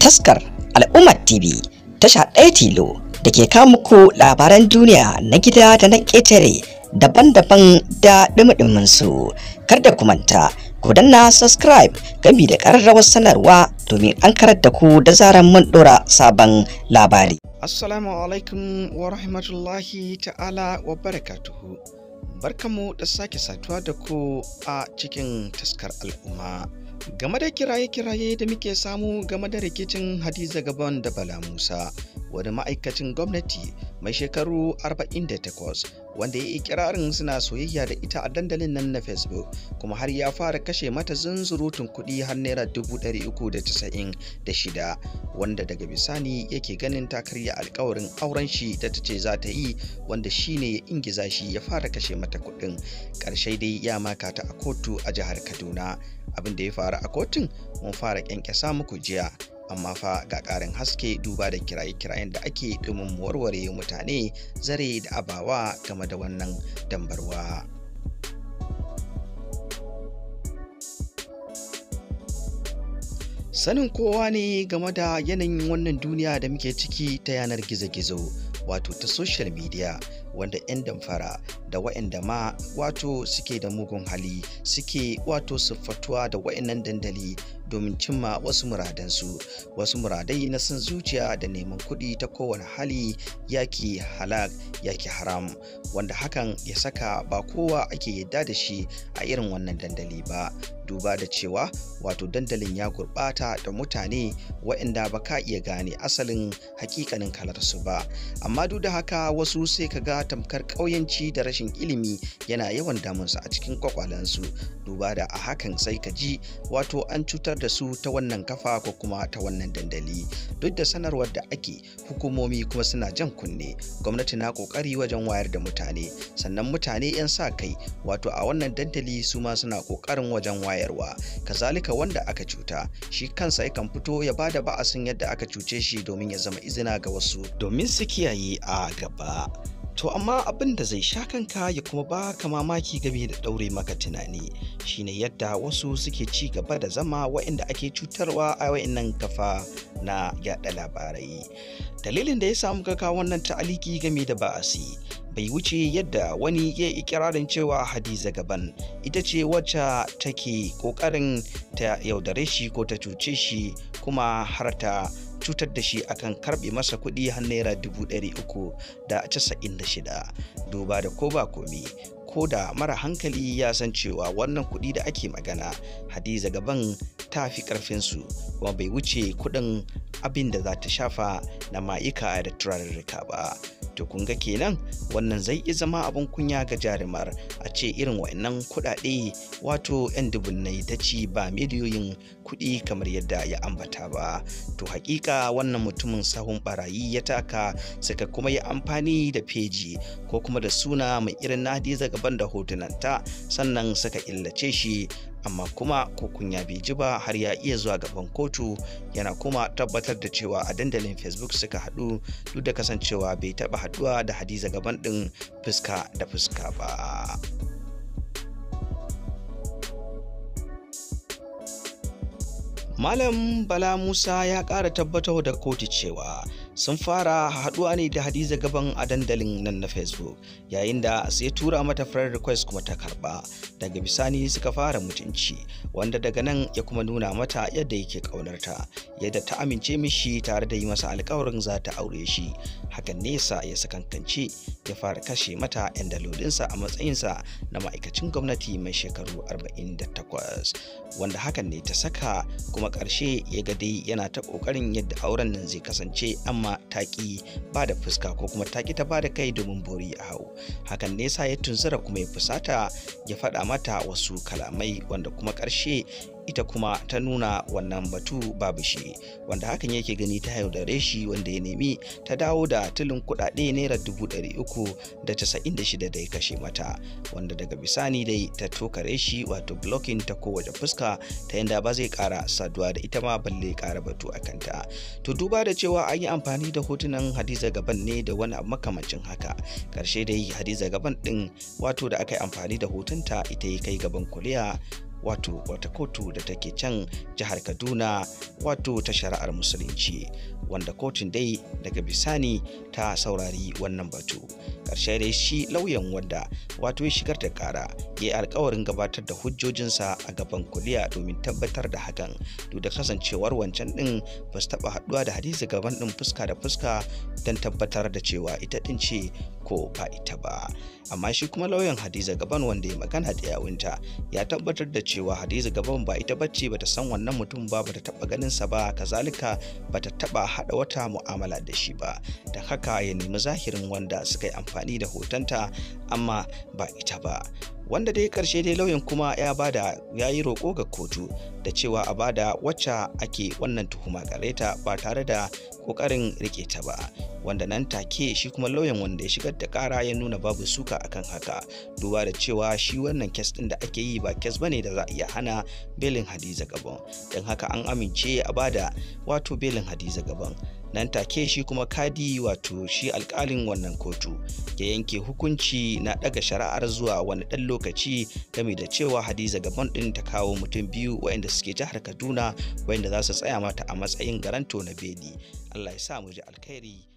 taskar al'ummar tv tasha ɗaya tilo da ke kawo muku labaran duniya na gida da na ƙetare daban-daban da ɗumi su kar da kumanta ku danna subscribe gami da ƙararrawar sanarwa domin an karar da ku da zaran mun ɗora sabon labari assalamu alaikum wa rahmatullahi ta'ala wa barakatuhu barkamu da sake satuwa da ku a cikin taskar al'umma game da kiraye-kiraye da muke samu game da rikicin hadiza gaban da bala musa wani ma'aikacin gwamnati mai shekaru 48 wanda ya yi ikirarin suna soyayya da ita a dandalin nan na facebook kuma har ya fara kashe mata zunzurutun kuɗi har naira 396 wanda daga bisani yake ganin ta karya alkawarin auren shi da ta ce za ta yi wanda shi ne ya ingiza shi ya fara kashe mata kuɗin ƙarshe dai ya maka ta a kotu a jihar kaduna abin da ya faru a kotun mun fara ƙyanƙyasa muku jiya amma fa ga ƙarin haske duba da kiraye-kirayen da ake domin warware mutane zare da abawa game da wannan dambarwa. Sanin kowa ne game da yanayin wannan duniya da muke ciki ta yanar gizo-gizo wato ta social media wanda 'yan damfara da wa'inda ma wato suke da mugun hali suke wato siffatuwa da waɗannan dandali domin cimma wasu muradansu wasu muradai na son zuciya da neman kuɗi ta kowane hali yaki halak yaki haram wanda hakan ya saka ba kowa ake yadda da shi a irin wannan dandali ba duba da cewa wato dandalin ya gurɓata da mutane wa'inda ba ka iya gane asalin hakikanin kalarsu ba amma duk da haka wasu sai ka ga tamkar ƙauyanci da rashin rashin ilimi yana yawan damunsa a cikin kwakwalensu duba da a hakan sai ka ji wato an cutar da su ta wannan kafa ko kuma ta wannan dandali duk da sanarwar da ake hukumomi kuma suna jan kunne gwamnati na kokari wajen wayar da mutane sannan mutane 'yan sa kai wato a wannan dandali su ma suna kokarin wajen wayarwa kazalika wanda aka cuta shi kansa yakan fito ya ba da ba'asin yadda aka cuce shi domin ya zama izina ga wasu domin su kiyaye a gaba To amma abin da zai sha kanka ya kuma ba ka mamaki game da ɗaure maka tunani shine yadda wasu suke ci gaba da zama waɗanda ake cutarwa a waɗannan kafa na yaɗa labarai. Dalilin da ya samu kaka wannan ta'aliki game da ba'asi bai wuce yadda wani ya ikirarin cewa Hadiza Gaban ita ce wacce take ƙoƙarin ta yaudare shi ko ta cuce shi kuma har ta cutar da shi akan karbe masa kuɗi har naira dubu ɗari uku da casa'in da shida duba da ko ba komi ko da mara hankali ya san cewa wannan kuɗi da ake magana hadiza gaban ta fi ƙarfinsu kuma bai wuce kuɗin abin da za ta shafa na ma'aika da turarurruka ba to kun ga kenan wannan zai iya zama abin kunya ga jarumar a ce irin wa'annan kuɗaɗe wato 'yan dubunnai ta ci ba miliyoyin kuɗi kamar yadda ya ambata ba to hakika wannan mutumin sahun barayi ya taka suka kuma yi amfani da feji ko kuma da suna mai irin na hadiza gaban da hotunanta sannan suka illace shi amma kuma kukunya bai ji ba har ya iya zuwa gaban kotu yana kuma tabbatar da cewa a dandalin facebook suka haɗu duk da kasancewa bai taɓa haɗuwa da hadiza gaban ɗin fuska da fuska ba malam bala musa ya ƙara tabbatar da kotu cewa sun fara haɗuwa ne da hadiza gaban a dandalin nan na facebook yayin da sai tura mata friend request kuma ta karba daga bisani suka fara mutunci wanda daga nan ya kuma nuna mata yadda yake ƙaunarta yadda ta amince mishi tare da yi masa alkawarin za ta aure shi hakan nesa ya sakankance ya fara kashe mata 'yan dalolinsa a matsayinsa na ma'aikacin gwamnati mai shekaru 48 wanda hakan ne ta saka kuma karshe ya ga dai yana ta kokarin yadda auren nan zai kasance amma taƙi ba da fuska ko kuma taƙi ta ba da kai domin bori a hau hakan nesa ya tunzura kuma ya fusata ya faɗa mata wasu kalamai wanda kuma ƙarshe ita kuma ta nuna wannan batu babu shi wanda hakan yake gani ta yaudare shi wanda ya nemi ta dawo da tulin kudade naira dubu dari uku da casa'in da shida da ya kashe mata wanda daga bisani dai ta tokare shi wato blocking ta kowace fuska ta yanda ba zai kara saduwa da ita ma balle kara batu a kanta to duba da cewa an yi amfani da hotunan hadiza gaban ne da wani makamancin haka karshe dai hadiza gaban din wato da aka yi amfani da hotunta ita ya kai gaban kuliya wato wata kotu da take can jihar kaduna wato ta shari'ar musulunci wanda kotun dai daga bisani ta saurari wannan batu ƙarshe dai shi lauyan wanda wato ya shigar da ƙara ya yi alkawarin gabatar da hujjojinsa a gaban kuliya domin tabbatar da hakan duk da kasancewar wancan ɗin ba su taɓa haɗuwa da hadisi gaban ɗin fuska da fuska don tabbatar da cewa ita ɗin ce ko ba ita ba amma shi kuma lauyan hadiza gaban wanda ya magana da yawunta ya tabbatar da cewa hadiza gaban ba ita bacci bata san wannan mutum ba ta taba ganin sa ba kazalika bata taba hada wata mu'amala da shi ba da haka ya nemi zahirin wanda suka yi amfani da hotonta amma ba ita ba wanda dai karshe dai lauyan kuma ya bada ya yi roƙo ga kotu da cewa a bada wacce ake wannan tuhuma kareta ba tare da ƙoƙarin rike ta ba wanda nan take shi kuma lauyan wanda ya shigar da kara ya nuna babu suka akan haka duba da cewa shi wannan kes ɗin da ake yi ba kes bane da za a iya hana belin hadiza gaban don haka an amince a bada wato belin hadiza gaban nan take shi kuma kadi wato shi alkalin wannan kotu ya yanke hukunci na daga shari'ar zuwa wani dan lokaci game da cewa hadiza gaban din ta kawo mutum biyu wayanda suke jihar kaduna wayanda za su tsaya mata a matsayin garanto na beli allah ya sa mu ji alkhairi